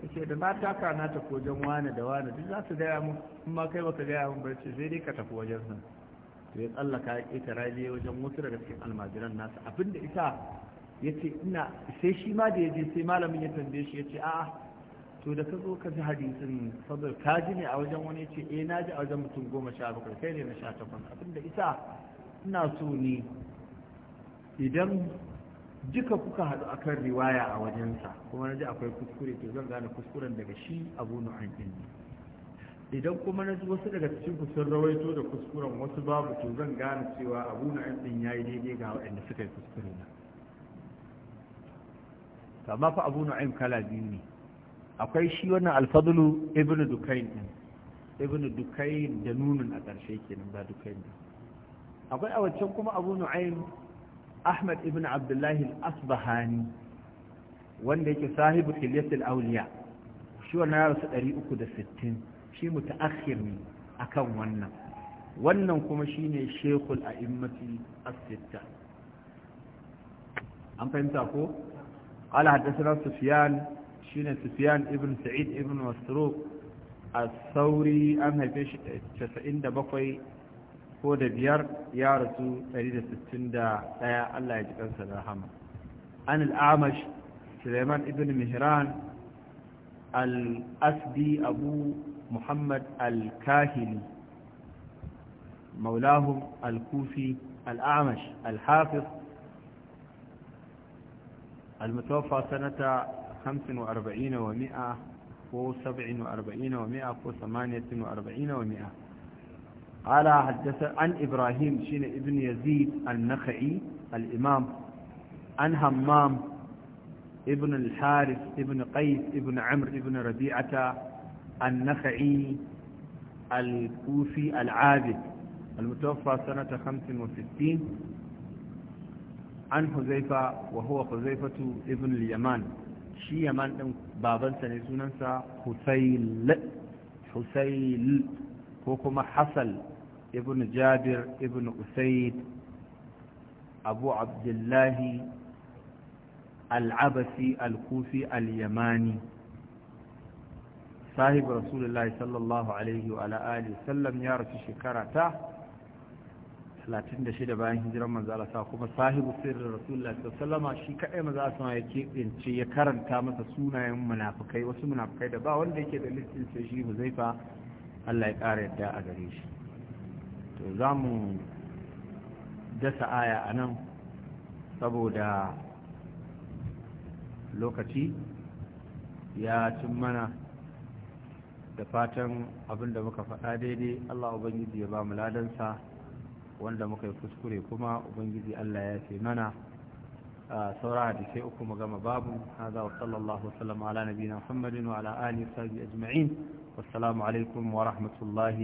yace da na taka na ta kojan wane da wane duk za su gaya mu amma ma kai baka gaya mun barci sai dai ka tafi wajen sa to ya tsallaka ya ƙetara je wajen wasu daga cikin almajiran nasa abinda ita ya ce ina sai shi ma da ya je sai malamin ya tambaye shi ya ce a to da ka zo ka ji hadisin saboda ka ji ne a wajen wani ya ce eh na ji a wajen mutum goma sha bakwai kai ne na sha takwas abinda ita ina so ni idan jika kuka haɗu a kan riwaya a wajensa kuma na ji akwai kuskure to zan gane kuskuren daga shi abu nu'an ɗin ne idan kuma na ji wasu daga cikin ku sun rawaito da kuskuren wasu babu to zan gane cewa abu na ɗin ya yi daidai ga waɗanda suka yi kuskure na Kama fa abu na kala biyu ne akwai shi wannan alfadulu ibn dukain din ibn dukain da nunun a ƙarshe kenan ba dukain da akwai a wancan kuma abu nu'aym ahmad ibn abdullahi al-asbahani wanda yake sahibu hilyatul awliya shi wannan ya rasu 360 shi mutaakhir ne akan wannan wannan kuma shine shekul a immati asitta an fahimta ko qala haddathana sufyan shine sufyan ibn sa'id ibn wasruq a sauri an haife shi 97 ko da biyar ya rasu 161 Allah ya ji kansa da rahama an al-amash سليمان ابن مهران الاسدي ابو محمد الكاهلي مولاهم الكوفي الأعمش الحافظ المتوفى سنة 45 و100 و47 و100 و48 و100 قال حدث عن إبراهيم شين ابن يزيد النخعي الإمام عن همام ابن الحارث ابن قيس ابن عمرو ابن ربيعة النخعي الكوفي العابد المتوفى سنة 65 عن حذيفة وهو حذيفة ابن اليمان شي يمان دم بابن سنسوننسا حسيل حسيل وكما حصل ابن جابر ابن أسيد أبو عبد الله العبسي الكوفي اليماني sahib rasulullahi sallallahu alaihi wa alihi sallam ya rasu shekara ta 36 bayan hijiran manzo Allah kuma sahibu sirrin rasulullahi sallallahu alaihi shi kadai manzo Allah ya kebince ya karanta masa sunayen munafikai wasu munafikai da ba wanda yake da listin sai shi Huzaifa Allah ya kara yadda a gare shi to zamu dasa aya anan saboda lokaci ya cin mana da fatan abin da muka faɗa daidai Allah Ubangiji ya ba mu ladansa wanda muka yi kuskure kuma Ubangiji Allah ya fi mana saura hadisai uku mu gama babu haza wa sallallahu wasallam ala na Muhammadin wa ala alihi wa sahbihi ajma'in wassalamu alaikum wa rahmatullahi